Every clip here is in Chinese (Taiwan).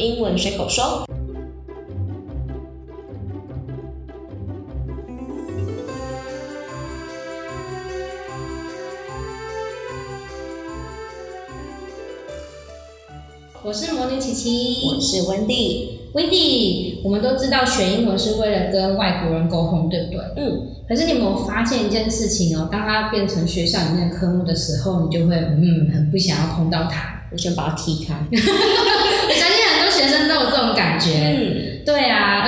英文隨口說，我是魔女琪琪，我是溫蒂。溫蒂，我們都知道學英文是為了跟外國人溝通，對不對？嗯。可是你有沒有發現一件事情哦？當它變成學校裡面的科目的時候，你就會嗯，很不想要碰到它，我想把它踢開。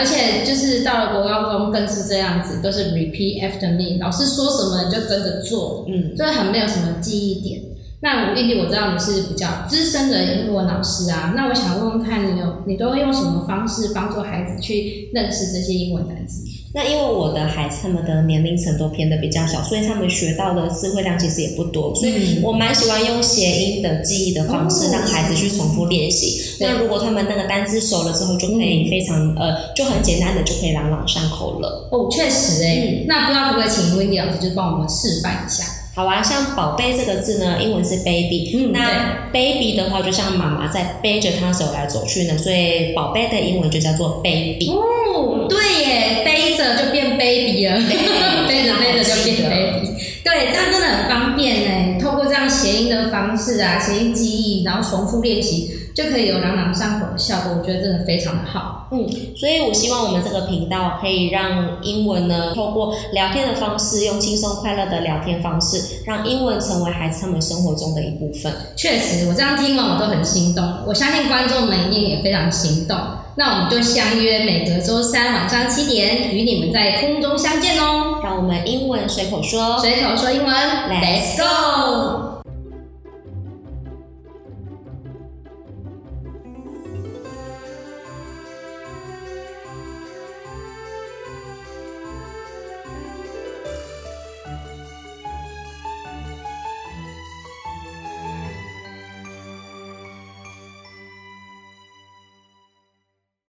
而且就是到了國高中更是這樣子，都是 repeat after me，老師說什麼就跟着做，嗯，所以很沒有什麼記憶點。那我麗計我知道你是比較資深的英文老師啊，那我想問問看你有，你都會用什麼方式幫助孩子去認識這些英文單詞？那因為我的孩子他們的年齡層都偏的比較小，所以他們學到的詞彙量其實也不多，所以我蠻喜歡用諧音的記憶的方式讓孩子去重複練習。哦、對那如果他們那個單詞熟了之後，就可以非常呃就很簡單的就可以朗朗上口了。哦，確實哎，嗯、那不知道會不會請 Wendy 老師就幫我們示範一下。好啊，像“寶貝”這個字呢，英文是 “baby”，嗯。那 “baby” 的話，就像媽媽在背着她走來走去呢，所以“寶貝”的英文就叫做 “baby”。哦，對耶，背着就變 “baby” 了， 背着背着就變 “baby”。對，這樣真的很方便耶。透過這樣諧音的方式啊，諧音記憶，然後重複練習，就可以有朗朗上口的效果。我覺得真的非常好。嗯，所以我希望我們這個頻道可以讓英文呢，透過聊天的方式，用輕鬆快樂的聊天方式，讓英文成為孩子他們生活中的一部分。確實，我這樣聽完我都很心動。我相信觀眾們一定也非常心動。那我們就相約每隔周三晚上七點與你們在空中相見哦。讓我們英文隨口說，隨口說英文，Let's go！